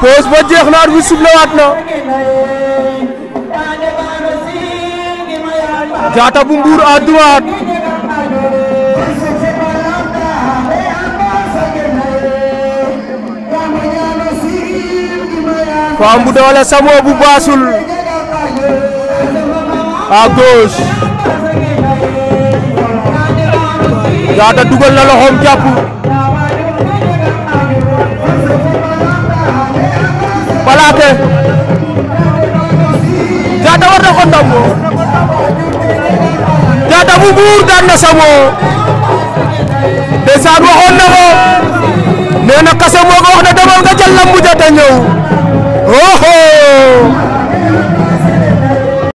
pause ba jeex na arbitre sublewaat na Diatta bu Mbour à droite bu doole Samo bu Bassoul à gauche dugal na loxoom jàpp Jaate Jaata war na ko ndàmbo Jaata bu buur daan na Samo ndeysaan waxoon na ko nee na kase moo ko wax ne demal nga jël lambu ja